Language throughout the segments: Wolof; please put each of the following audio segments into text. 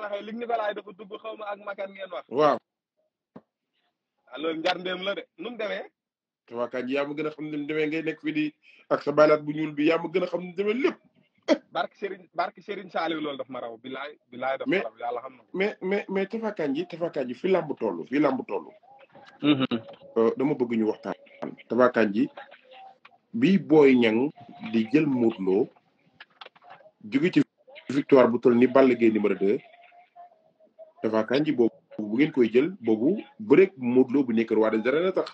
waxee Luc Nicolaï dafa dugg xaw ma ak makan ngeen wax waaw ah, loolu njarndeem la de nu mu demee tubaakaay ji ma gën xam ni mu ngay fi di ak sa baylaat bu ñuul bi ya, ma gën a xam ni mu demee lépp barke Serigne barke Serigne Saliou loolu daf ma raw bilaay bilaay daf ma raw yàlla xam na mais mais mais tafakaan ji tafakaan ji fi làmb toll fi làmb toll mm-hmm. euh, dama bëgg ñu waxtaan ji bi boy ñang di jël Modou Lo jóge ci victoire bu toll ni Balla Gaye numéro Tapha Kandji boobu bu ngeen koy jël boobu bëreeg Modou bu nekk roi des arènes tax.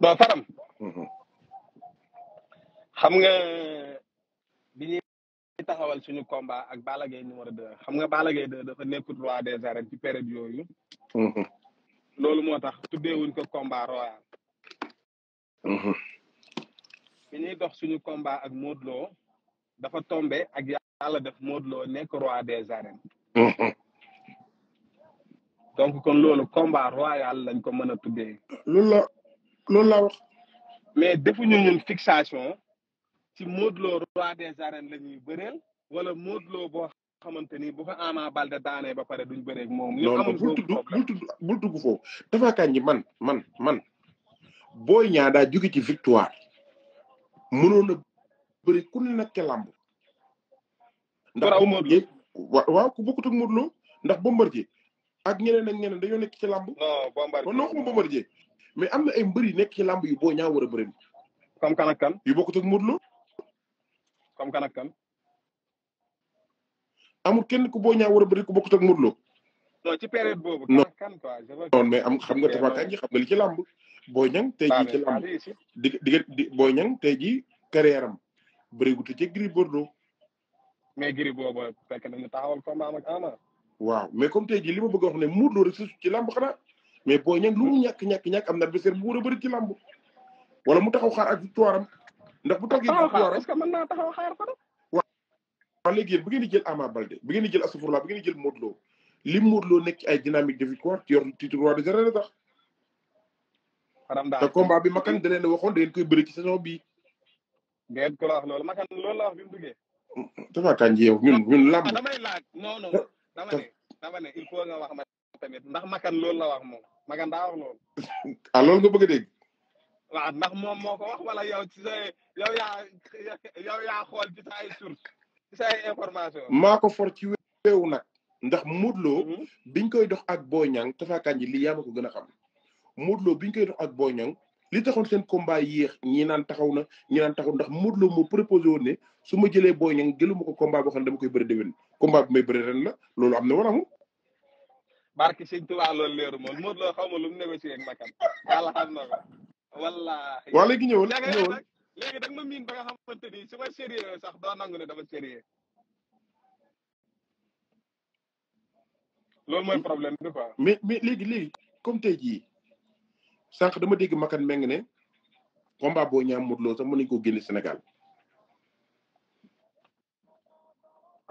waaw Faram. Mhm. xam nga bi ñuy taxawal suñu combat ak Balla Gaye numéro xam nga Balla dafa nekkut roi des arènes ci période yooyu. Mhm. loolu moo tax tuddeewuñ ko combat royal. Mhm. bi dox suñu combat ak Modou Lo dafa tombé ak yàlla def Modou Lo nekk roi des arènes. Mhm. donc kon loolu combat royal lañ ko mën a tuddee. loolu la loolu wax. mais defuñu ñun fixation ci Modou Lo roi des arènes la ñuy wala Modou Lo boo xamante ni bu fa Ama Baldé daanee ba pare duñ bëree moom. ñun amuñu bul tudd bul tudd bul kañ man man man boo Niang daa ci victoire mënoon a bëri ku nekk lamb. ndax Bombardier waaw ku bokkut ak Modou ndax Bombardier ak ñeneen ak ñeneen dañoo nekk ci lamb non Bombardier Bombardier mais am ay mbëri nekk ci lamb yu boo ñaa war a comme kan ak kan yu bokkut ak Modou comme kan ak kan amul kenn ku bëri ku ak non kan kan, am xam nga xam nga li ci lamb Boy Boy mais giri booba fekk nañu taxawal combat ak ama waaw mais comme tey ji li ma bëgg wax ne Modou Lo ressource ci lamb xanaa mais booy ñang lu mu ñàkk ñàkk ñàkk am na adversaire bu war a ci lamb wala mu taxaw xaar ak victoire ndax bu toggee victoire est ce que mën naa taxaw xaar ko waaw waaw léegi bu jël Ama bu bu jël li ci ay dynamique de victoire ci yor titre roi tax combat bi makan da leen waxoon da ngeen koy bëri ci saison ngeen ko la wax makan loolu la wax bi mu duggee Tapha Kandji ji yow ñun ñun làmb. Ah, damay laaj non ma tamit la wax mo makan daa wax loolu. Ah, bëgg a dégg. ndax moom moo ko wax wala yow ci xool ci sa ay source ko for ci weewu nag ndax Modou Lo mm-hmm. biñ koy dox ak Boy Niang Tapha Kandji ji lii yaa ma ko gën a xam Modou Lo biñ koy dox ak Boy Niang li taxoon sen combat yéex ñi nan taxaw na ñi nan taxaw ndax Modou mo proposer proposé woon ne su ma Boy ñang jëluma ko combat bo xam dama koy de déwén combat bu may bëri ren la lolu amna wala mu barki seigne touba lolu loolu leeru moom Modou Lo lu neewé ci ak makam yalla xam na wallahi wala gi ñewul ñëwal ñëwal dag ma min ba nga xamante ni su ma sérieux sax do nangu ne dama sérieux loolu mooy problème du quoi mais mais léegi léegi comme tay ji sànq dama dégg makan meng ne combat boo ñaam lo sax mënuñ koo génne sénégal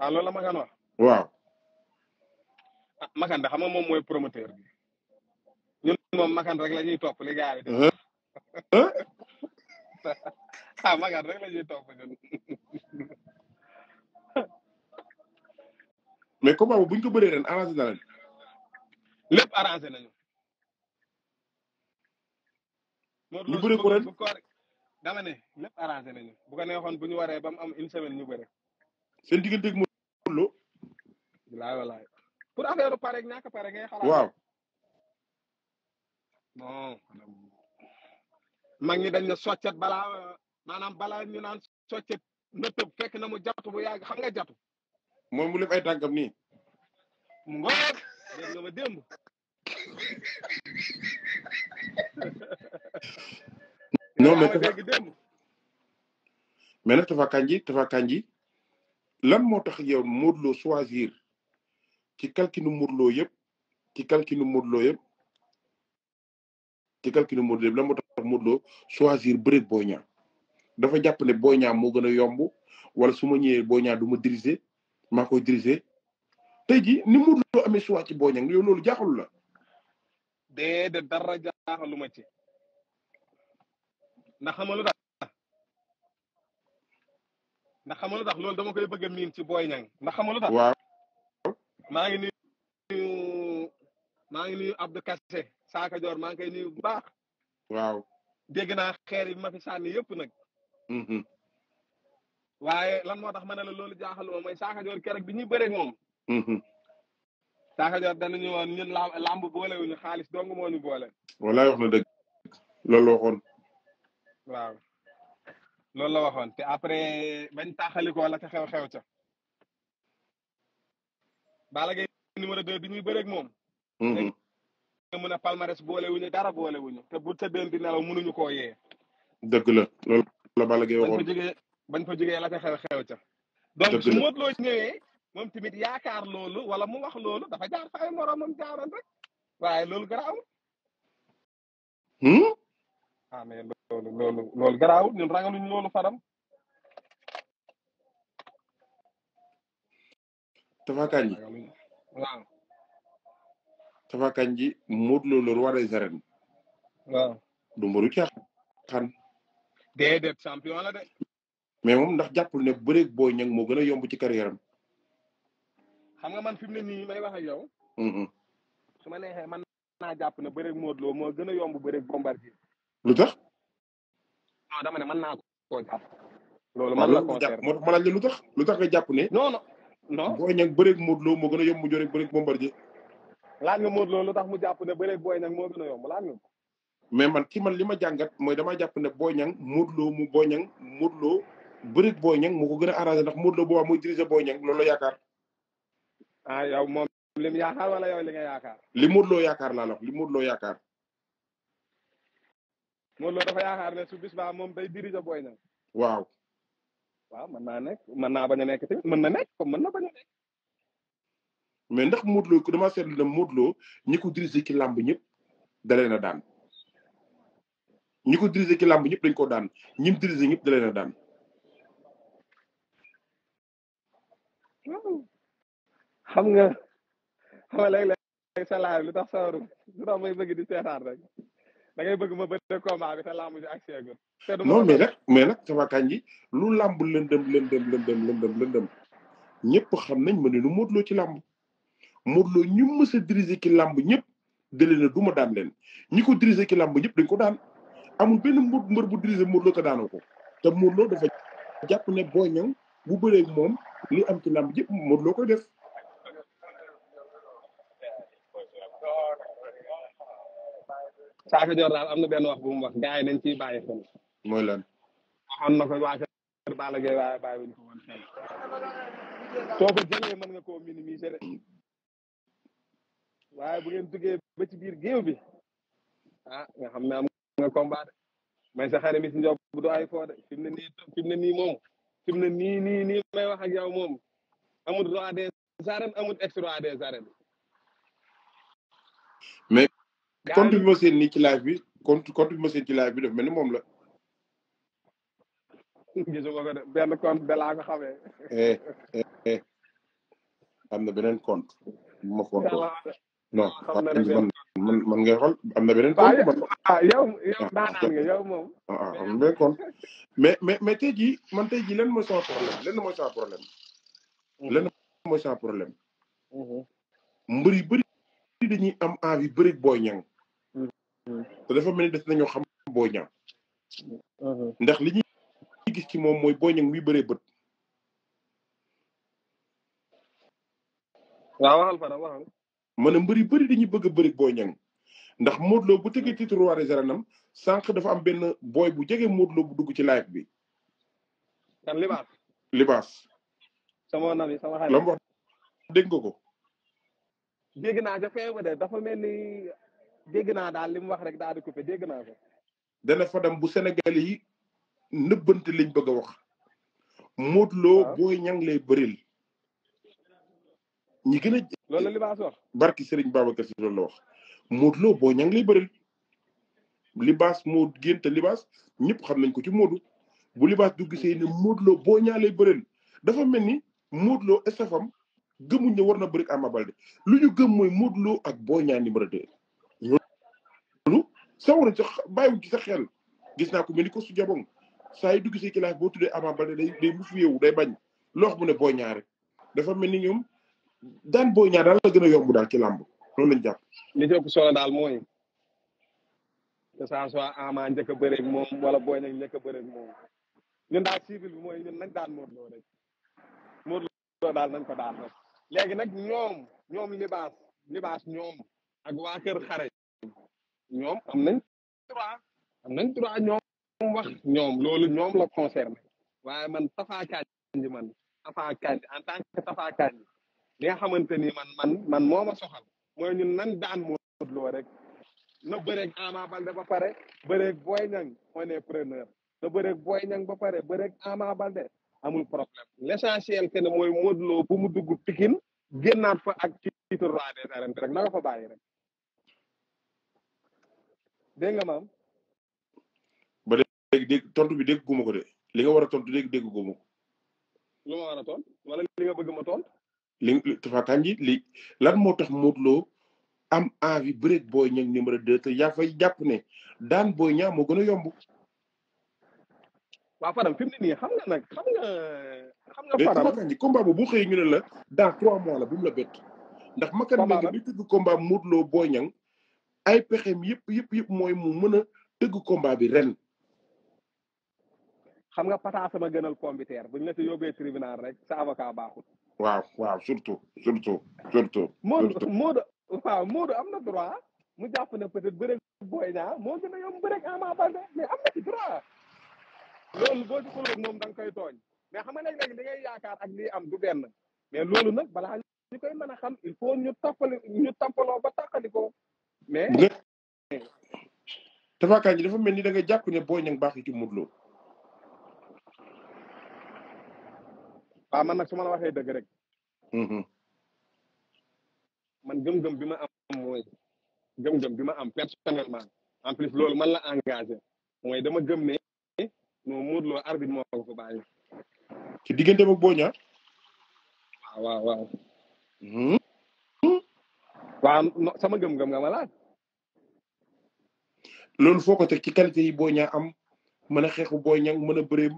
ah loolu la makan wax waaw ah, makan da xam nga mom moy promoteur bi ñun mom makan rek lañuy top li gars yi def uh-huh. ah makan rek lañuy top ñun mais combat bu buñ ko bëree ren arrangé na leen lépp arrangé nañu lu bëri rek ren dama ne lépp arrangé nañu bu ko xon bu ñu waree ba mu am une semaine ñu bëri. seen digganteeg mu loo. bilaay walaay pour affaire pare ñàkk pare ngay xalaat. waaw. non. mag ñi dañ ne soccet balaa maanaam balaa ñu naan soccet na tëb fekk na mu jatu bu yàgg xam nga jatu. moom mu lëf ay tànkam nii. mu ngoog dégg nga ma démb. non ah mais Tapha mais nag Tapha Kandji Tapha Kandji lan moo tax yow Modou Lo choisir ci kalkinu Modou Lo yëpp ci kalkinu Modou Lo yëpp ci kalkinu Modou Lo yëpp lan moo tax Modou Lo choisir bëreeg Boy dafa jàpp ne Boy Niang moo gën a yomb wala su ma ñëwee Boy Niang du ma diriger maa koy diriger tey jii ni Modou Lo amee choix ci Boy Niang yow loolu jaaxul la. déedéet dara jaaxalu ma ci ndax xam nga tax xam nga lu loolu dama koy bëgg a miin ci booy Niang ndax xam nga lu tax. waaw maa ngi nuyu maa ngi nuyu Abdou Kassé Saaka Joor maa ngi koy nuyu bu baax. waaw dégg naa xeer yi ma fi sànni yëpp nag. Mm-hmm. waaye la moo tax ma ne la loolu jaaxaluma mooy Saaka Joor keroog bi ñuy bëreeg moom. Mm-hmm. Sakho Dior danañu woon ñun làmb boolewuñu xaalis dong moo ñu boole. walaay wax na dëgg loolu la waxoon. waaw loolu la waxoon te après bañ taxalikoo la ca xew-xew ca. Balla Gaye numéro 2 bi muy bëreeg moom. nga mën a palmarès boolewuñu dara boolewuñu te bu tëddeen di nelaw mënuñu koo yee. dëgg la loolu la Balla waxoon bañ fa jógee bañ la ca xew-xew ca. donc su Modou Lo ñëwee. moom tamit yaakaar loolu wala mu wax loolu dafa jaar fa ay moroomam jaaroon rek waaye loolu garaawul. Hmm? ah mais loolu loolu loolu garaawul ñun ragaluñ loolu faram. Tafakanji waaw. Tafakanji Modou Lo loolu war a zaren. waaw champion la de. mais moom ndax jàppul ne bëreeg booy ñang moo gën a yomb ci carrière am. xam nga man fi mu ne nii may wax ak yow. Mm-hmm. su ma neexee man naa jàpp ne bëreeg Modou moo gën a yomb bëreeg Bombardier. lu tax. non dama ne mën naa koo jàpp. loolu man la concerne waaw man lu tax lu tax nga jàpp ne. non non non. booy ñag bëreeg Modou Lo moo gën a yomb mu jëreeg bëreeg Bombardier. laaj nga Modou Lo lu tax mu jàpp ne bëreeg booy ñag moo gën a yomb laaj mais man ci an li ma jàngat mooy dama jàpp ne boo Niang Modou mu boo Niang Modou Lo bërik Boy Niang moo gën a arrangé ndax Modou Lo boobaa muy diriger Boy Niang loolu la yaakaar ah yow moom li yaakaar wala yow li nga yaakaar. li Modou yaakaar laa la li Modou yaakaar. Modou Lo yaakaar ne su bis baa moom day diriger Boy na waaw. waaw mën naa nekk mën naa bañ a nekk tamit mën na nekk comme mën na bañ nekk. mais ndax Modou Lo damaa seetlu ne Modou Lo ñi ko diriger ci làmb ñëpp dalee na daan ñi ko diriger ci làmb ñëpp dañ ko daan ñim diriger ñëpp dalee na daan. xam nga xam nga léeg-léeg sa laaj lu tax sawaru lu tax may bëgg di seetaan rek da ngay bëgg ma bëri combat bi te lamb ji ak seegul non mais nag mais nag sama kanji lu lamb lëndëm lëndëm lëndëm lëndëm lëndëm ñëpp xam nañ ma ne nu Modou Lo ci lamb Modou Lo ñu mës a diriger ki lamb ñëpp dale na du ma daan leen ñi ko diriger ki lamb ñëpp dañ ko daan amul benn mbër mbër bu diriger Modou Lo te daanoo ko te Modou Lo dafa jàpp ne boo ñëw bu bëree moom li am ci lamb yëpp Modou Lo koy def Saafi Joor daal am na benn wax bu mu wax gars yi dañ ciy bàyyi xel. mooy lan. waxoon a ko waa kër Balla Gaye waaye bàyyi wuñ waaye bu ngeen duggee ba biir géew bi ah nga xam ne am nga combat de may sa xarit mi bu doy foo de fi ne nii moom fi mu ne nii nii nii may wax ak yow moom amul roi des arènes amul ex roi des arènes. mais compte bi ma ci live bi compte compte bi ma seen ci live bi daf mel ni moom la. gisu ko de benn compte eh, eh, eh. am na beneen compte. bu ma compte non man man am na beneen compte man. ah yow yow ah, daanaan nga ah, ah, am na beneen compte mais mais mais tey jii man tey jii lan mooy sama problème lenn mooy sama problème. lenn mooy sama problème. Mhm. Mhm. mbër yu bëri dañuy am ñang te dafa mel ni des nañoo xam Boy Niang mhm. ndax li ñuy gis ci moom mooy Boy Niang baree bëree bët. waaw waxal Fara waxal. ma ne mbëri bëri dañuy bëgg a bëri Boy ndax Modou Lo bu tëggee titre roi des arènes sànq dafa am benn booy bu jege Modou Lo bu dugg ci live bi. kan Libaas. Libaas. sama nabi nga ko. dégg naa ca feebar de dafa mel ni dégg naa daal li mu wax rek daal di dégg naa ko. dana bu Sénégal yi nëbbante liñ bëgg a wax. Modou Lo Boy Niang lay bëril. ñi gën a. la Libaas wax. barki Serigne Babacar si wax Modou Lo Boy Niang lay bëril. Libaas moo génn te Libaas ñëpp xam nañ ko ci Modou. bu Libaas du gisee ne Modou boo Boy Niang lay bëril dafa mel ni Modou Lo estafam gëmuñ ne war na bëri ak Ama Baldé lu ñu gëm mooy Modou ak boo Niang numéro 2. sawuñu sax bàyyiwuñ ci sa xel gis naa ko mel ni ko su jabong saa yu dugg si ba boo tuddee Ama day day mu fiyewu day bañ loox mu ne Boy rek dafa mel ni ñoom daan Boy Niang daal la gën daal ci làmb loolu lañ jàpp. li daal mooy que ça soit Ama wala Boy Niang njëkk a bëreeg moom ñun daal civil bi mooy ñun nañ daan Modou Lo rek Modou daal nañ ko daan rek léegi nag ñoom ñoom libaas libaas ñoom ak waa xare ñoom am nañ droit am ñoom wax ñoom loolu ñoom la concerné waaye man Tapha Kandji man Tapha Kandji en tant que Tapha Kandji li nga xamante ni man man man moo ma soxal mooy ñun nan daan Modou Lo rek na bëreeg Ama Balde ba pare bëreeg Boy Niang on est preneur na bëreeg Boy ba pare bëreeg Ama Balde amul problème l'essentiel que ne mooy Modou Lo bu mu dugg Pikine génnaat fa ak titre roi des arènes rek na nga fa bàyyi rek dégg nga maam. ba léegi tontu bi dégg guma ko de li nga war a tontu dégg dégg guma ko. lu ma war a tontu bëgg ma tontu. li Tapha Kandji li lan moo tax Modou Lo am envie bëreeg Boy Niang numéro 2 te yaa fay jàpp ne daan Boy Niang moo gën a yomb. waaw Fadam fi ne nii xam nga nag xam nga. xam nga Fadam mais Tapha Kandji combat bu xëyee ñu ne la dans trois mois la bu la bett. ndax Makan Mbengue bi tëgg combat Modou Lo Boy Niang ay pexeem yëpp yëpp mooy mu mën a dëgg combat bi ren. xam nga pataas ma gënal pombiteer bu ñu la si yóbbee tribunal rek sa avocat baaxul. waaw waaw surtout surtout surtout. Modou Modou waaw Modou am na droit mu jàpp ne peut-être bëreeg booy ñaa moo gën a yomb bëreeg Ama Baldé mais am na ci droit loolu boo ci xulóog moom da koy tooñ mais xam nga léeg-léeg da yaakaar ak lii am du benn mais loolu nag balaa ñu koy mën a xam il faut ñu toppali ñu tampaloo ba tàqalikoo mais Tapha Kandji dafa mel ni da nga jàpp ne Boy Niang baax ci Modou Lo. waaw man nag su ma la waxee rek. Mhm. man gëm-gëm ma am mooy gëm-gëm ma am personnellement en plus loolu man la engagé mooy dama gëm ne non Modou arbitre moo ko ko ci waaw waaw mhm. waaw sama gëm-gëm nga ma laaj. loolu foo ko teg ci qualité yi Boy Niang am mën a xeexu Boy Niang mën a bëreem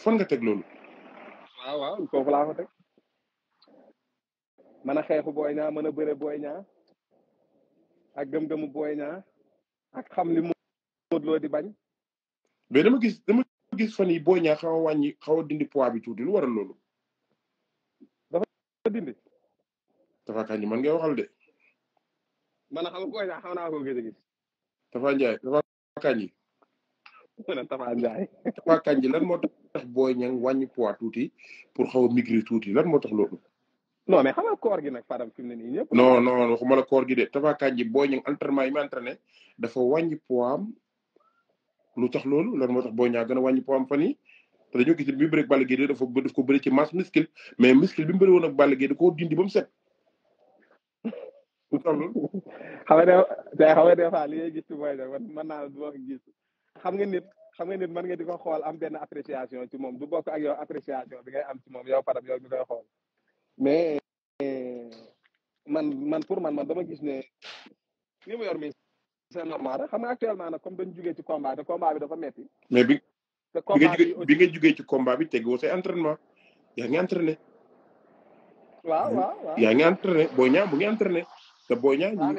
fan teg loolu. waaw waaw foofu laa ko teg mën a mën a bëre Boy Niang ak gëm-gëmu Boy Niang ak xam li Modou Lo di bañ. mais dama gis dama gis fan yi Boy xaw a wàññi xaw a dindi poids bi tuuti lu waral loolu. dafa Tafa Kanji man nga waxal de man xam ko ya xam naa ko gëdë gis Tafa Njaay Tafa Kanji man Tafa Njaay Tafa Kanji lan mo tax boy ñang wàññi poids tuti pour xaw a migrer tuuti lan mo tax loolu non mais xamal koor gi nak param fi mu ne nii ñëpp non non waxuma la koor gi de Tafa ji boy ñang entraînement yi mu entraîné dafa wañu poids lu tax loolu lan mo tax boy ñaa gëna wañu poids am fan gis bi mu bëri ak dafa ko bëri ci mass muscle mais muscle bi mu bëri won ak Balla gi da ko dindi bam set du toll xam nga def day xam nga des fois li ngay gis ci mooy da mën naa du wax gis xam nga nit xam nga nit mën nga di ko xool am benn appréciation ci moom du bokk ak yow appréciation bi ngay am ci moom yow param yow mi koy mais man man pour man man dama gis ne li mu yor mi c'est normal xam nga actuellement nag comme dañ jugee ci combat te combat bi dafa metti mais bi te combat bi bi nga jugee ci combat bi tegoo say entraînement yaa ngi entraîné waaw waaw waaw yaa ngi entraîné boo ñaam bu ngi entraîné te Boy Niang ah,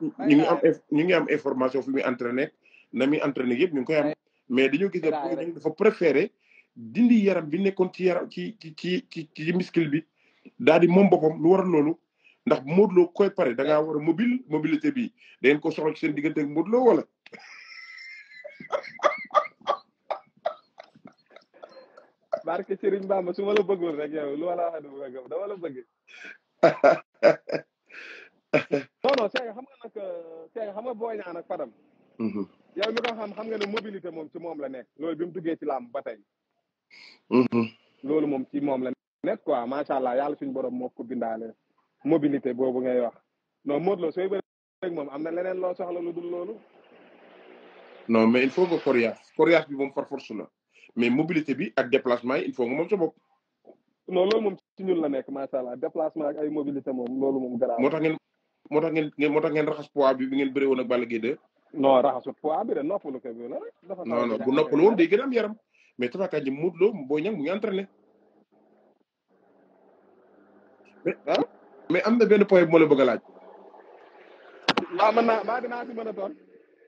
ñu ngi am ñu ngi am information fu mi entraîner na mi entraîner yépp ñu ngi koy am mais dañoo gis ne Boy dafa préférer dindi yaram bi nekkoon ci yaram ci ci ci ci ci muscle bi daal di moom boppam lu war loolu ndax modlo Lo koy pare da ngaa war a mobile mobilité bi da ngeen ko soxla ci seen diggante ak modlo Lo wala. barke Serigne Bamba suma la bëggul rek yow lu wala xadu bëggam dama la bëgg. non non Cheikh xam nga nag euh, Cheikh xam nga booy ñaan ak Fadam. Mm-hmm. yow mi ko xam xam nga ne mobilité moom ci moom la nekk loolu bi mu duggee ci làmb ba tay mm-hmm. loolu moom ci moom la nekk quoi macha allah yàlla suñu borom moo ko bindaale mobilité boobu ngay wax non Modou Lo sooy moom am na leneen loo soxla lu dul loolu. non mais il faut nga coriace coriace bi moom par force la mais mobilité bi ak déplacement yi il faut moom sa bopp. non loolu moom ci macha allah déplacement ak ay mobilité moom loolu moom garaaw. moo tax ngeen moo ngeen moo ngeen raxas poids bi bi ngeen bëré won ak Balla Gaye non raxas poids bi da nopp lu kay la rek dafa non non bu lu won day gën am yaram mais Tapha Kadji Modou Lo Boy Niang mu ngi entraîné mais ah? mais am na benn point bu ma la bëgg laaj ma mën na ma dina ci mëna a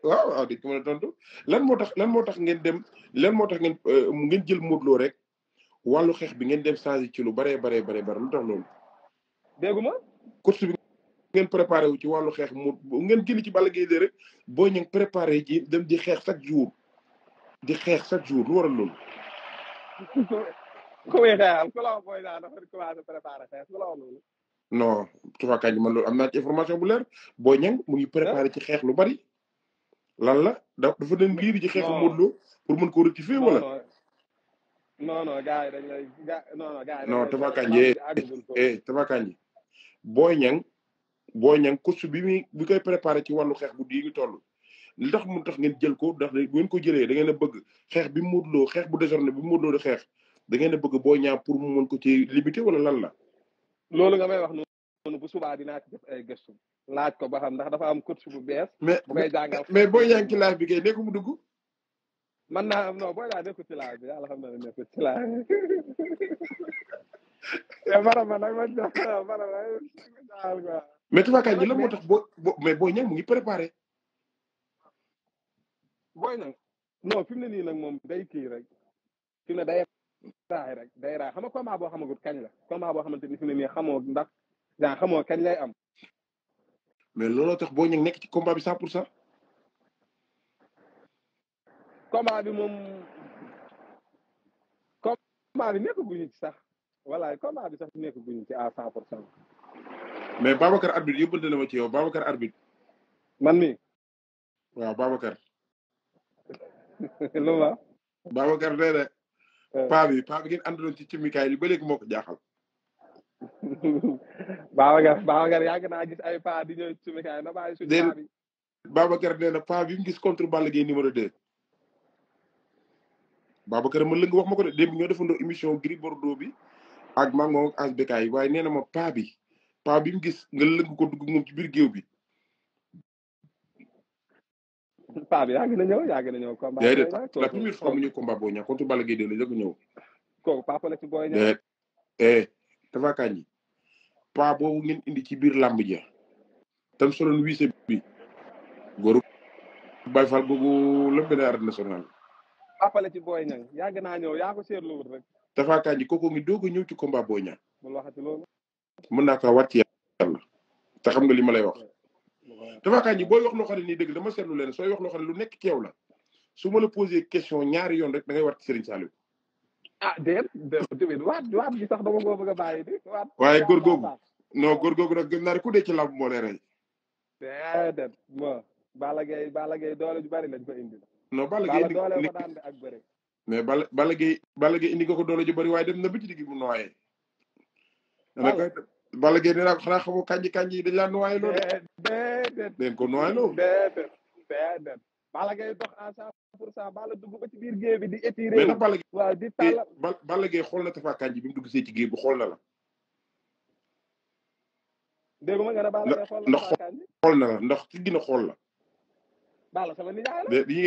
waaw waaw di ko mëna a lan moo tax lan moo tax ngeen dem lan moo tax ngeen euh, ngeen jël Modou Lo rek walu xex bi ngeen dem changer ci lu bare bare bare bare lu tax lool dégguma course bi ngeen préparé wu ci wàllu xeex mu ngeen génn ci Balla Gaye de rek Boy Niang préparé ji xeex chaque jour di xeex chaque jour lu waral loolu. ku muy xeexal ku la booy naa dafa commencé préparé xeex ku am naa information bu leer Boy Niang mu préparé ci xeex lu bari. lan la dafa dem liir ji xeexu Modou Lo pour mën ko rectifier wala. no non gars yi dañ lay non non gars yi. Boy Niang course bi mi bu koy préparer ci walu xex bu dii tollu li tax mu tax ngeen jël ko tax bu ngeen ko jëlé da ngeen bëgg xex bi mu Lo xex bu désorné bi mu Lo do xex da ngeen bëgg Boy Niang pour mu mën ko ci limité wala lan la loolu nga may wax nonu bu suba dina ci def ay gëstu laaj ko ba xam ndax dafa am course bu bees bu koy jangal mais Boy Niang ci laaj bi kay neeku mu dugg man na non Boy la neeku ci laaj bi yàlla xam na ci laaj ya man mais tafaakaa ji la moo tax boo mais boo ñang mu ngi préparé booy nag non fi mu ne nii nag moom day kii rek fi mu ne day raay rek day raay xam nga combat boo xamagut kañ la combat boo xamante ni fi mu ne nii xamoo ndax genre xamoo kañ lay am mais looloo tax boo ñang nekk ci combat bi cent pour cent combat bi moom combat bi nekk guñu ci sax voilà combat bi sax nekk guñu ci à cent pour cent mais Babacar arbitre yóbbante na ma ci yow Babacar arbitre. man mi waaw Babacar. loolu la. Babacar nee na. Eh. paa bi paa bi ngeen ci cimikaay li ba léegi moo ko jaaxal. Babacar Babacar yàgg naa gis ay paa di ñëw ci cimikaay na bàyyi suñu paa bi. Babacar nee na paa bi mu gis contre Balla Gaye numéro 2. ma wax ma ko de démb ñoo defandoo émission Gris Bordeaux bi ak Mango ak Asbekaay waaye nee na ma paa bi. paa bi mu gis nga lëng ko dugg moom ci biir géew bi. bi yaa ngi na ñëw yaa ngi na ñëw. combat booy ñëw la première fois mu ñëw combat booy ñëw ci booy ñëw. eh kañ paa boobu indi ci biir làmb ja tam soloon wiise bi góoru bay fal googu lëmbe na arène nationale. ci booy ñëw yàgg naa ñëw yaa ko seetlu wut rek. mën naa kaa wàcc yàlla te xam nga li ma lay wax dafa kaa ji booy wax loo xam ne nii dëgg dama seetlu leen sooy wax loo xam ne lu nekk ci yow la su ma la posé question ñaari yoon rek da ngay war ci Serigne Saliou ah déet déet waat waat bi sax dama ko bëgg a bàyyi di waat waaye góor googu non góor googu nag gëm naa ku dee ci làmb moo lay rey déedéet mo bala gay bala gay doole ju bari lañ ko indi non bala gay doole ko daan ak bëri mais bala gay bala gay indi nga ko doole ju bari waaye dem na ba ci digg bu nooyee waaw Balla Gaye nee naa ko xanaa xamoo kanji kanji yi dañ laa de. déedéet dañ ko noyyi loo. déedéet ba ci bi di étiré. Eh, xool na Tapha Kandji bi mu dugg see ci géej bi xool na la. dégg nga ne Balla Gaye xool na Tapha Kandji xool na la ndax ci a xool la. la na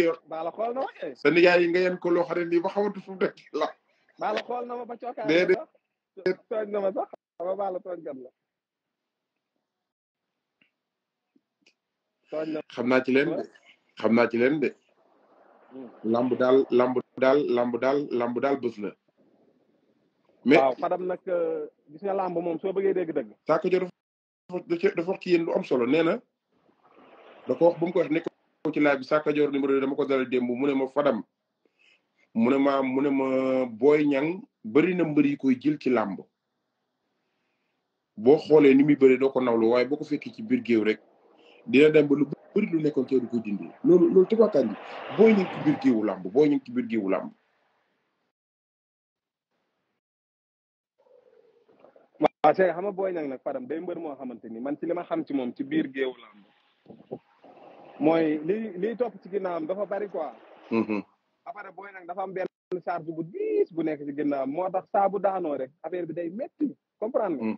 ma ko loo xam Ama Baldé tooñkat la. tooñ xam naa ci leen de xam naa ci leen de. Hmm. lamb daal lamb daal lamb daal lamb daal bés la. mais waaw Fadam nag euh, gis nga lamb moom soo bëggee dégg dëgg. Sakho Dior dafa dafa wax ci yéen lu am solo nee na da ko wax bu ko ci laaj bi Sakho Dior numéro dama ko dalal démb mu ne ma Fadam mu ne ma mu ne ma Boy Niang bëri na mbër yi koy jil ci làmb boo xoolee ni muy bëree doo ko nawlu waaye boo ko fekkee ci biir géew rek dina dem ba lu bëri lu nekkoon te du ko dindi loolu loolu tubaakaan bi booy ñu ngi ci biir ñu ci biir géewu làmb. waaw Cheikh booy nag Fadam day mbër moo xamante ni man ci li xam ci moom ci biir géewu làmb mooy li liy topp ci ginnaawam dafa bari quoi. Mm-hmm. après booy ñang dafa am benn charge bu diis bu nekk ci ginnaawam moo tax saabu daanoo rek affaire bi day metti comprendre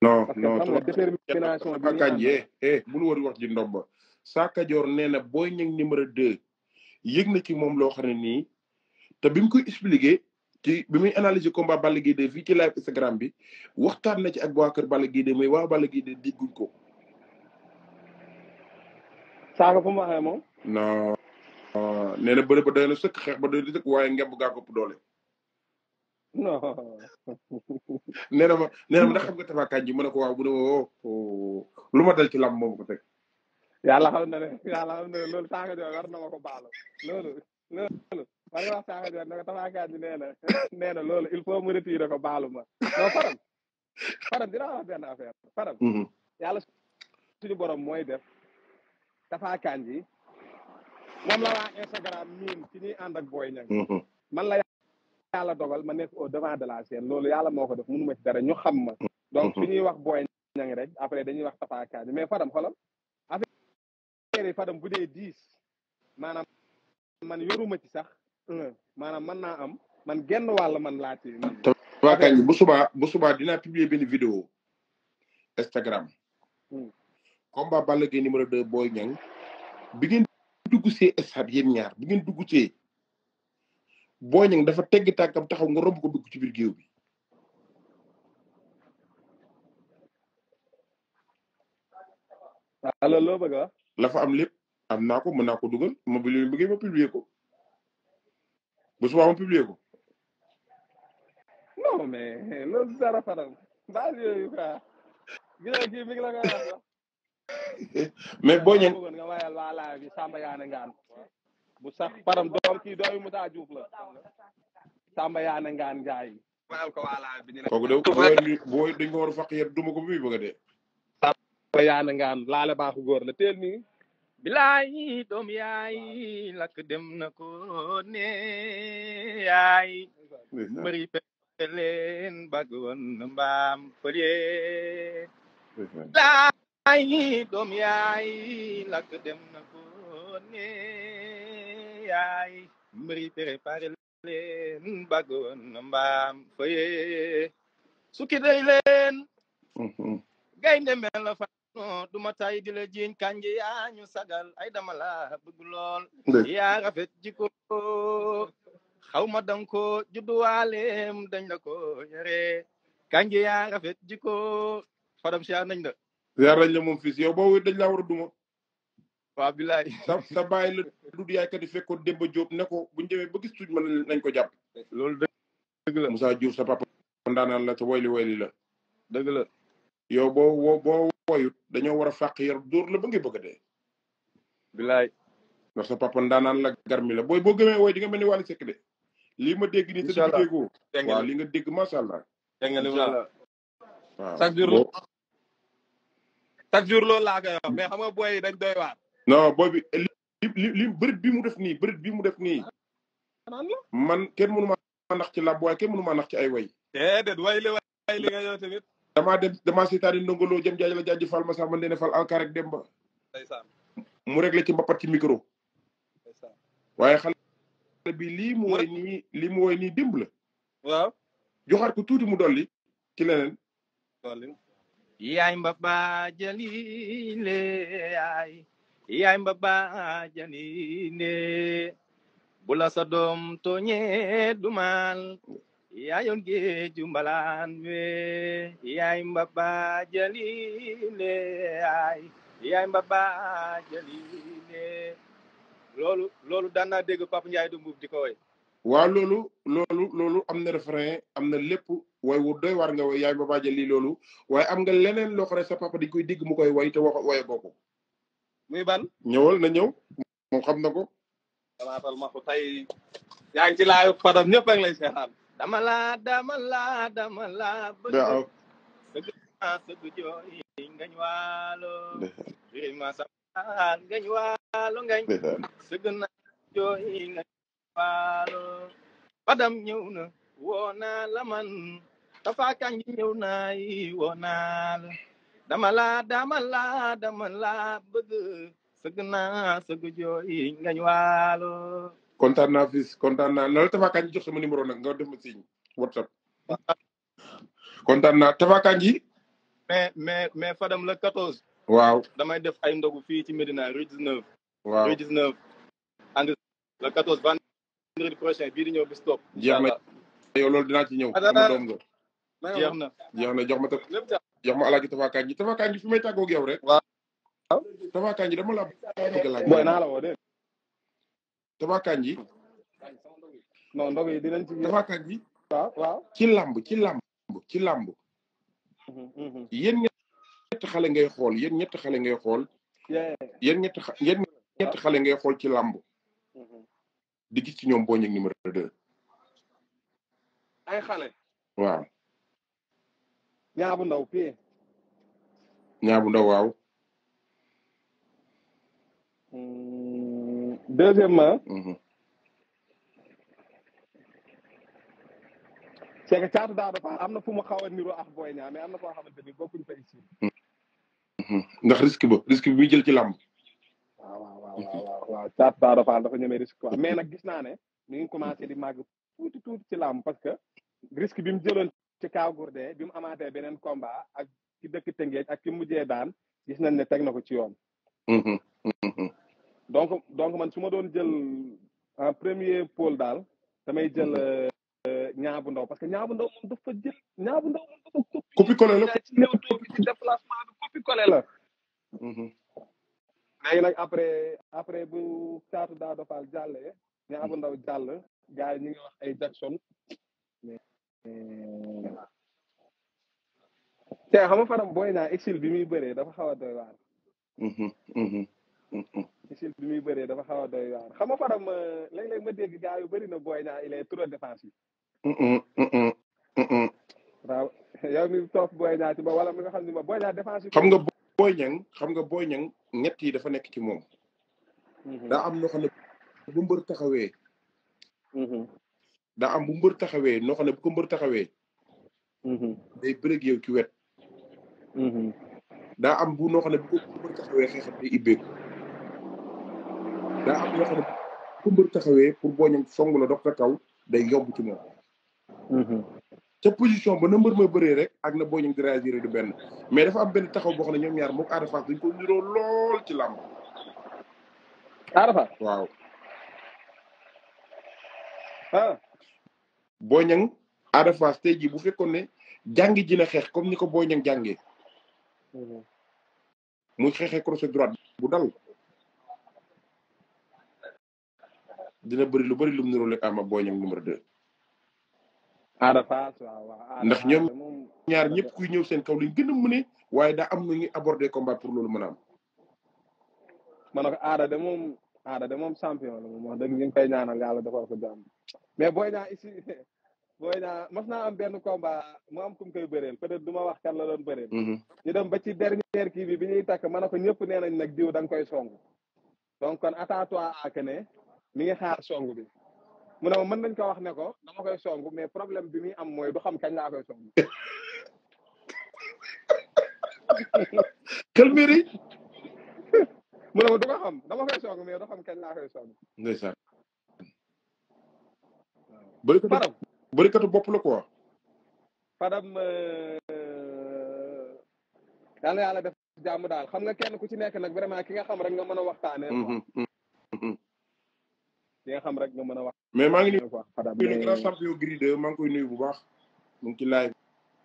non non parce que détermination bi kañ eh eh bul war wax ji ndomba Sakka Dior nee na Boy Niang numéro 2 yëg na ci moom loo xam ne nii te bi mu koy expliqué ci bi muy analyser combat Balla Gaye 2 fii ci live Instagram bi waxtaan na ci ak waa kër Balla Gaye 2 mais waa Balla Gaye 2 digguñ ko. Sakka fu mu waxee moom. non. nee na bëri ba doy na sëkk xeex ba doy na sëkk waaye ngemb gaa ko doole. non nee na ma nee ma ndax xam nga tabaakaay ji ma ne ko waaw bu ne oh, oh, lu ma dal ci lam moom ko teg. yàlla xam na ne yàlla xam na ne loolu saaga jooju war na ma ko baalu loolu loolu war nga wax saaga jooju ne ko tabaakaay ji nee na loolu il faut mu retiré ko baalu ma non faram faram mm-hmm. suñu borom mooy def tafakaan ji moom la waa Instagram miin ci ñuy ànd ak booy ñang mm-hmm. man la yàlla dogal ma nekk au devant de la scène loolu yàlla moo ko def mënu ma dara ñu xam ma donc fi mhm. ñuy wax booy ñangi rek après dañuy wax Tapha Kandji mais Fadam xoolal affaire yi Fadam bu dee dix maanaam man yoruma ci sax un maanaam man naa am man genn wàll man laa ci man Tapha bu subaa bu subaa dinaa publier benn vidéo Instagram hmm. combat Balla Gaye numéro de Boy Niang bi ngeen dugg see stade bi ngeen dugg Boy Niang dafa tegg tànkam taxaw nga romb ko dugg ci biir géew bi alors loo bëgg a la fa am lépp am naa ko mën naa ko dugal ma bi leen bëggee ma publier ko bu subaa ma publier ko non mais loolu dara faram baal yooyu quoi gina kii mi ngi la koy wax mais Boy Niang nga mayal waa laa bi Samba yaa nga bu sax param doom kii dooyu mu daa juuf la Samba yaa ngaan njaay kooku ko war a faq yéen bi bëgg a dee Samba yaa ne ngaan laale baaxu góor la teel nii bilaay doom yaay lakk dem na ko ne yaay mbëri peleen bàgg woon na mbaam fële yaay lakk dem na ko ne yaay mbëri préparé leen bàggoon mbaam fëyee sukki day leen mm-hmm. gaynde mel la fano duma tay di la jiiñ ñu sagal ay dama la bëgg lool yaa rafet jikko xaw ma dang dañ la ko yare kanji yaa rafet jikko fadam siyaar nañ la siyaar nañ la moom fii si yow boobu dañ laa war duma waaw bilaay sa sa bàyyi la dudd yaaykat yi fekkoon Demba Diop ne ko bu ñu demee ba gis tuuti mën nañ ko jàpp. loolu dëgg la Moussa Diouf sa papa ndaanaan la sa woyli woyli la. dëgg la yow boo woo boo woyut dañoo war a fàq yar dóor la ba ngay bëgg a dee. bilaay ndax sa papa ndaanaan la garmi la booy boo gëmee woy di nga mel ni Wally Seck de. lii ma dégg nii te du déggoo waaw li nga dégg macha allah. incha allah waaw chaque jour loolu. chaque jour loolu laa koy wax mais xam nga booy dañ doy waar. non booy bi li li bërit bi mu def nii bërit bi mu def nii man ken mënu maa nax ci làmb waaye kenn mënu nax ci ay way déedéet way li way li nga yow tamit damaa dem damaa seetaani ndongoloo jëm jaaj la jaaj fal ma sax man dene fal alkaar ak dem ba mu réglé ci mbapat ci micro waaye xale bi lii mu woy nii lii mu woy nii démb la waaw ko tuuti mu dolli ci leneen yaay mba ba le yaay yaay mbaba janine bu la sa doom tooñe dumal yaayoon géeju mbalaan we yaay mbaba janine ay yaay mbaba janine loolu loolu daan naa dégg paap Ndiaye du mbuub di ko way waaw loolu loolu loolu am na refrain am na lépp way wu doy waar nga way yaay mbaba janine loolu waaye am nga leneen loo xam ne sa papa di koy dégg mu koy way te muy ban ñëwal dạ, ừ. dạ. dạ. na ñëw moom xam na ko damaatal ma ko tey yaa ngi ci laayu Fadam ñëpp a ngi lay seetaan dama la dama la dama la bëgg sëgg jooy ngañ waalo rima samaan ngañ waalo ngañ sëgg na jooy ngañ waalo Fadam ñëw na woo naa la man Tafa Kanji ñëw naa yi woo naa la damala la la dama la bëgg sëgg naa sëgg jooy ngañ waalo. kontaan naa fii kontaan naa loolu Tapha Kandji jox sama numéro nag nga def ma signe WhatsApp. kontaan naa Tapha Kandji. mais Fadam la 14. waaw damay def ay ndogu fii ci Medina rue 19. waaw rue 19. ànd la 14 vendredi prochain bii di ñëw bis topp. jeex na yow loolu dinaa ci ñëw. sama doom nga jeex na jeex na jox ma ta jox ma alaaji Tapha Kandji Tapha Kandji fi may tàggoo ak yow rek. waaw Tapha Kandji dama la bëgg laaj. booy naa la kilambu, de. Tapha Kandji. non ndog yi dinañ ci. Tapha Kandji. waaw waaw ci làmb ci làmb ci làmb. yéen ñett xale ngay ñett ngay ñett ñett ngay ci di gis ci numéro ay waaw. ñaabu ndaw pii ñaabu ndaw waaw hmm, deuxièmement mm-hmm. c'est que caatu daa am na fu mu xaw a niroo booy ñaa mais am na koo xamante ni bokkuñ fa ici mm-hmm. ndax risque ba risque bi jël ci làmb waaw waaw waaw waaw caatu daa dafa dafa ñemee risque quoi mais nag gis naa ne mi ngi commencé di màgg tuuti tuuti ci làmb parce que risque bi jëloon ci Kaaw Gourdin bi mu amaatee beneen combat ak ki dëkk Tëngéej ak ki mujjee daan gis nañ ne teg na ko ci yoon. Mm-hmm. Mm-hmm. donc donc man su ma doon jël en premier pol daal damay jël ñaabu euh, ndaw parce que ñaabu ndaw moom dafa jël ñaabu ndaw moom dafa copi collé la ci néew bi ci déplacement mm-hmm. nag après après bu caatu daa dofal jàllee ñaabu ndaw jàll gars ñu ngi wax ay Jackson. te eh, xam nga faram booy naa exil bi muy bëree dafa xaw a doy waar. Mm-hmm, mm-hmm, mm-hmm. bi muy bëree dafa xaw a doy waar xam nga faram eh, léeg-léeg ma dégg gars yu bëri na booy naa il est trop défensif. waaw yow mi topp booy naa ci ba wala mi nga xam ne ma booy naa défensif. xam nga booy ñang xam nga booy ñang ñett yi dafa nekk ci moom. daa am loo xam ne bu mbër taxawee. daa am bu mbër taxawee noo xam bu ko mbër taxawee. Mhm. day bëreeg yow ci wet. Mhm. daa am bu noo xam ne bu ko mbër taxawee pour booñam song la dox ta kaw day yomb ci moom. Mhm. ca position ba na mbër ma bëree rek ak na booñam di réagir du benn mais dafa am benn taxaw boo xam ne ñoom ñaar moog Ada Fass dañ ko niroo lool ci làmb. Ada waaw. Ah. Boy Niang Ada Fass tey bu fekkone ne jàngi ji na xeex comme niko ko Boy Niang jàngee mm-hmm. muy xeexee crochet droite bu dal dina bëri lu bëri lu niróo lekk ama Boy Niang numéro 2. Ada ndax ñom ñaar ñepp kuy ñew seen kaw lañ gëna mëne waye da am nu ñuy aborder combat pour lolu mëna am. ma ne Ada de mom Ada de mom champion la moom wax dëgg ñu ngi koy ñaanal yalla defal ko jamm mais boo naa ici booy naa mas naa am benn combat mu am kum koy bëreel peut-être du wax kan la doon bëreel. Mhm. ñu dem ba ci dernière kii bi bi ñuy takk ma ne ko ñëpp nee nañ nag diw danga koy songu donc kon attends-toi ne mi ngi xaar song bi mu ne ma mën nañ ko wax ne ko dama koy song mais problème bi muy am mooy du xam kañ laa koy song. kël mbiri mu ne ma du ko xam dama Fadam bërikatu bopp la quoi. Fadam daal euh, na yàlla def jàmm daal xam nga kenn ku ci nekk nag vraiment ki nga xam rek nga mën a waxtaanee. Mm-hmm, mm-hmm, mm-hmm. ki xam rek nga mën a wax. mais maa ngi nuyu Fadam mais grand koy nuyu bu baax mu ngi ci live.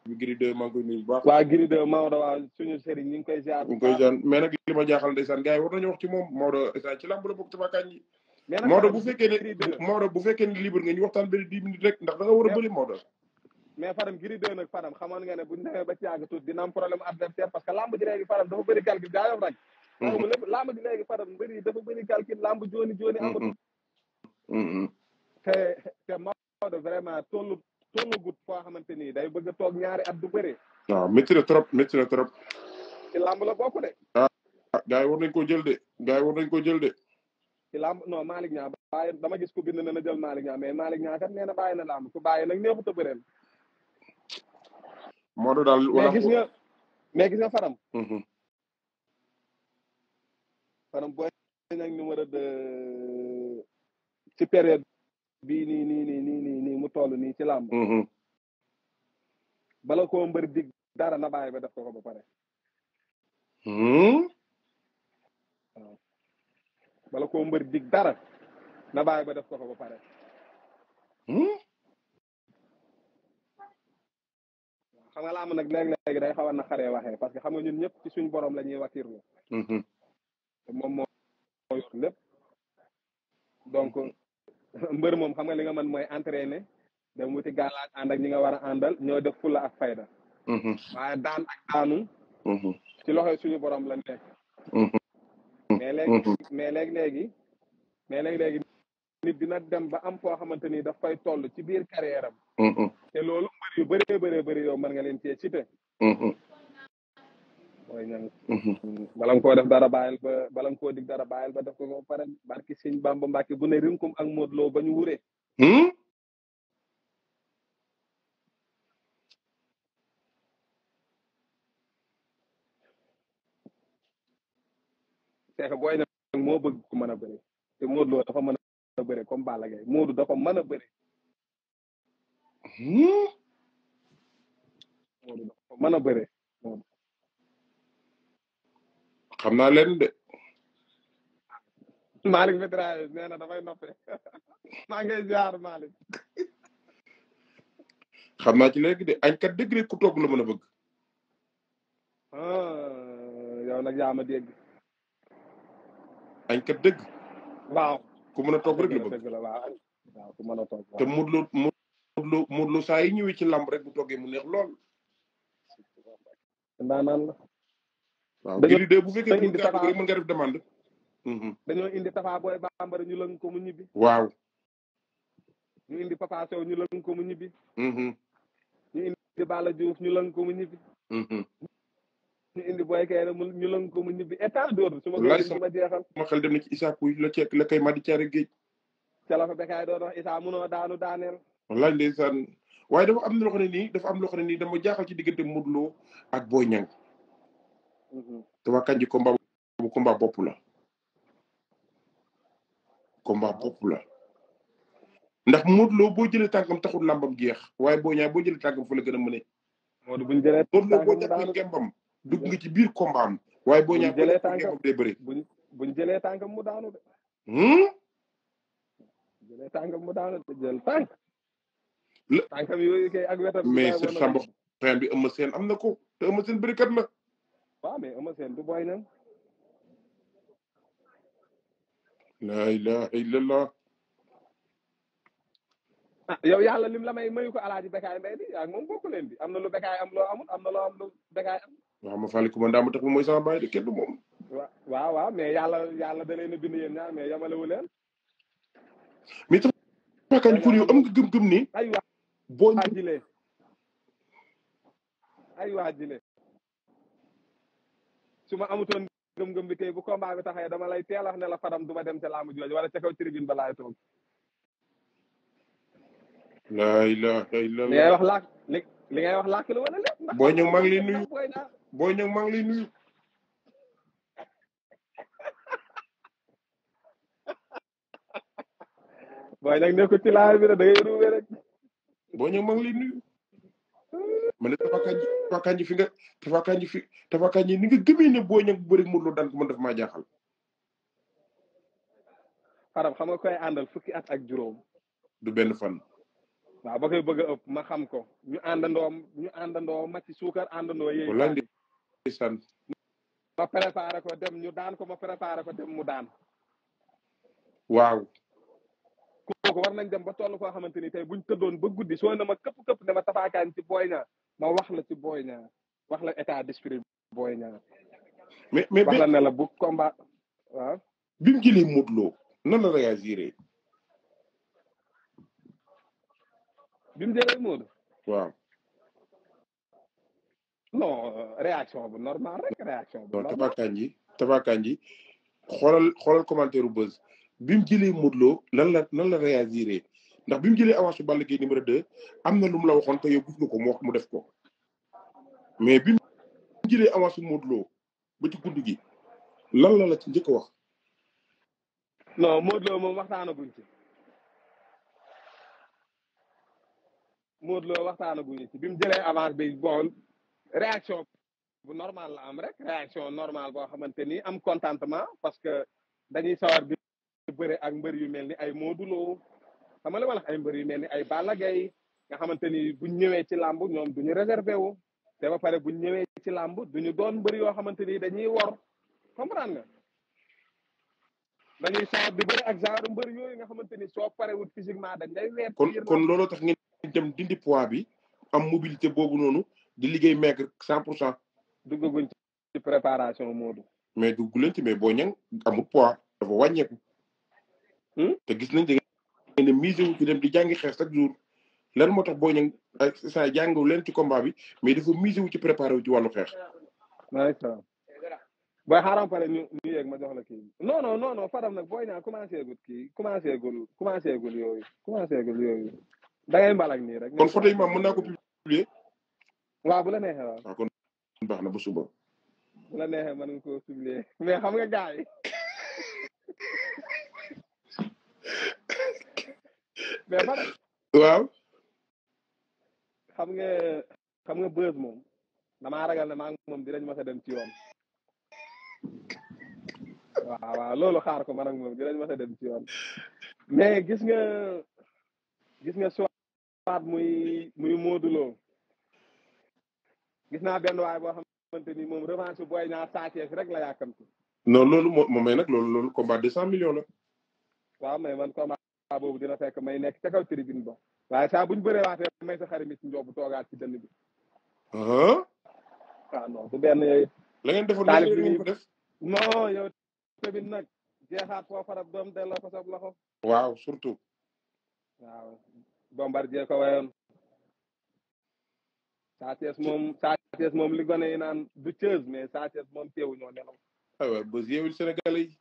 bi Gris 2 maa ngi koy nuyu bu baax. waa Gris 2 Maodo waa suñu sëriñ ñu ngi koy ziar. ñu ngi ma jaaxal de gars yi war nañu wax ci moom Maodo ndeysaan ci làmb la bokk sama kañ yi. Maodo bu fekkee ne Maodo bu fekkee ne libre nga ñu waxtaan benn dix minutes rek ndax da nga war a bëri Maodo mais Fadam Gris 2 nag Fadam xamoon nga ne bu ñu ba ci yàgg tuuti dina am problème adversaire lamb ji léegi Fadam dafa mm-hmm. vraiment tollu tollu gut foo xamante nii day bëgg toog ñaari at du bëri waaw métti na trop métti lamb la bokk de ah, ah gars yi war nañ koo jël de gars yi war nañ koo jël de ci làmb non Malick Niang bàyyi dama gis ku bind na na jël Malick Niang mais Malick Niang kat nee na na làmb ku bàyyi nag neexut a bëreel moo du daal mais gis nga mais gis nga faram mm-hmm. faram booy nag numéro de ci période bi nii nii nii nii mu toll nii ci làmb mm-hmm. bala koo mbër dig dara na bàyyi ba def ko ba pare mm-hmm. bala koo mbër dig dara na bàyyi ba def ko fa ba pare hmm? xam nga laa am nag léeg-léegi day xaw a na xaree waxee parce que xam nga ñun ñëpp ci suñ borom la ñuy wakiirlu mm-hmm. te moom moo yor lépp donc mbër moom xam nga li nga mën mooy entraîner dem wuti gàllaaj ànd ak ñi nga war a àndal ñoo def fula ak fayda mm-hmm. waaye daan ak daanu mm-hmm. ci loxo suñu borom la nekk mais léegi mhm. mais léegi léegi mais léegi léegi nit dina dem ba am foo xamante ni daf fay toll ci biir carrière mhm. te loolu mbër yu bëree bëree bëri yow mën nga leen cee cité mhm. mooy bala nga koo def dara bàyyil ba bala nga koo dig dara bàyyil ba def ko ba pare barki sëñ Bamba Mbàkke bu ne rinkum ak Modou Lo ba ñu fekk booy moo bëgg ku mën a bëri te Modou Lo dafa mën a bëri comme Balla Gaye dafa mën a bëri hmm? mën a bëri xam naa leen de Malick Métraillé nee na dafay noppe maa ngay jaar Malick xam naa ci léegi de añ kat dëgg ku toog la mën a bëgg ah, yow nag yaa añ kat dëgg waaw ku mën a toog rek la bëgg waaw ku mën a toog te mudlu mudlu mudlu saa yi ñëwee ci lamb rek bu toggee mu neex lool ndaanaan la waaw gili de bu fekkee mën ngaa bëgg rek def demande mhm. dañoo indi tafa boy bambara ñu lëng ko mu ñibbi waaw ñu indi papa sow ñu lëng ko mu ñibbi mhm. ñu indi bala diouf ñu lëng ko mu ñibbi mhm. ñu indi booy kay rek ñu lëng ko mu ñibbi état d'ordre su ma ko ma jeexal ma xel dem na ci Issa Pouye la ceek la kay ma di caare géej ca la fa bekaay doon wax Issa munoo daanu daaneel wallaay ndeysaan waaye dafa am loo xam ne nii dafa am loo xam ne nii dama jaaxal ci diggante Modou Lo ak Boy Niang dafa mhm. kanji combat bu combat bopp la combat bopp la ndax Modou Lo boo jëlee tànkam taxul làmbam jeex waaye Boy Niang boo jëlee tànkam fa la gën a mën a Modou buñ jëlee Modou Lo boo jàppee ngembam dugg ci biir combat am. waaye boo ñaax boo tànkam day bëri. buñ buñ jëlee tànkam mu daanu de. Hmm? jëlee tànkam mu daanu de jël tànk. tànkam yi kay ak wetam. mais seen samba fin bi Eumeu am na ko te Eumeu Sène bërikat la. waaw mais Eumeu Sène du boy nan. la ilaha illallah. ah yow yàlla lim la may mayu ko alaaji Bekaay Mbaye bi yaa moom bokk leen am na lu Bekaay am loo amul am na loo am lu Bekaay am. waaw ma fàlli kumba ndaama tax mooy sama baay de kenn du moom. waaw waaw mais yàlla yàlla da leen a bind yéen ñaar mais yamalewu leen. mais Tapha Kandji pour yow am nga gëm-gëm ni. aywa boo ñu. aywa jile su ma bi tey bu combat dama lay teel wax ne la dem ca laamu jooju wala ca kaw tribune ba laay li ngay wax laak li la wala lépp. booy ñëw maa lay nuyu. boo ñëw maa ngi lay nuyu. booy nag ne ko ci laaj bi rek da ngay ruubee rek. ma ne Tapha Kandji Tapha Kandji fi nga Tapha Kandji fi Tapha Kandji ni nga gëmee boo booy ñëw bu bëri mu daan ko man daf ma jaxal xaram xam nga koy àndal fukki at ak juróom. du benn fan. waaw ba koy bëgg a ëpp ma xam ko ñu àndandoo ñu àndandoo ma ci suukar àndandoo. yooyu san ma préparé ko dem ñu daan ko ma préparé ko dem mu daan waaw kooku war nañ dem ba toll koo xamante ni tey buñ tëddoon ba guddi soo ne ma këpp-këpp ne ma tafaakaan ci booy ñaa ma wax la ci booy ñaa wax la état d'esprit booy ñaa mais mais wax la la bu combat waaw bi mu jëlee Modou waaw non euh, réaction bu normal rek réaction bu normal tabakanji tabakanji xoolal xoolal commentaire bu buzz jële mu jëlee Modou lan la lan la réagiré ndax bi mu jëlee avance su Balla Gaye numéro 2 am na lu mu la waxoon te yow ko mu mu def ko mais bi jëlee avance su Modou ba ci guddi gi lan la la ci njëkk wax. non Modou Lo moom waxtaanaguñ ci. Modou Lo waxtaanaguñ ci bi mu jëlee avance bi bon. réaction bu normal la am rek réaction normale boo xamante ni am contentement parce que dañuy sawar bi bëre ak mbër yu mel ni ay Modou Lo la wala ay mbër yu mel ni ay Balla nga xamante ni buñ ñëwee ci làmb ñoom duñu réservé wu te ba pare buñ ñëwee ci làmb duñu doon mbër yoo xamante ni dañuy wor comme nga dañuy sawar di bëri ak genre mbër yooyu nga xamante ni soo parewut physiquement dañ lay weer kon kon looloo tax ngeen dem dindi poids bi am mobilité boobu noonu di liggéey maigre cent pour cent. duggaguñ ci préparation Modou. mais dugg leen ci mais boo ñëw amul poids dafa wàññeeku. Hmm? te gis nañ da ngeen ne mise wu ci dem di jàngi xeex chaque jour lan moo tax boo ñëw ak saa jàngu leen ci combat bi mais dafa mise wu ci préparé wu ci wàllu xeex. macha booy xaaral pare ñu ñu yegg ma jox la kii non non non non Fadam nag booy naa commencé gul ki commencé gul commencé yooyu commencé gul yooyu da ngay mbalak rek. waaw bula la neexee waaw. waaw kon baax na bu suba. bu la koo publier mais xam nga gars yi. mais waaw. xam nga xam nga bës moom damaa ragal ne maa ngi moom dinañ mës a dem ci yoon. waaw loolu xaar ko man ak moom dinañ mës a dem ci yoon. mais gis nga gis nga soit muy muy mod Lo gis naa benn waay boo xamante ni moom revanche booy naa saakees rek la yàkkamti non loolu moo moom may nag loolu loolu combat deux cent millions la waaw mais man combat dina fekk may nekk ca kaw tribune ba waaye saa buñu bëree waatee may sa xarit mi ci njoobu toogaat ci dënn bi ah? ah non du benn yooyu la ngeen defoon ko def non yow tamit nag jeexaat foo farab doom delloo ko waaw surtout waaw bombardier ko wayoon Sa moom Sa Sathies moom li gone yi naan du Thiès mais Sathies moom teewu ñoo nelaw aywa ah ba yeewul Sénégalais yi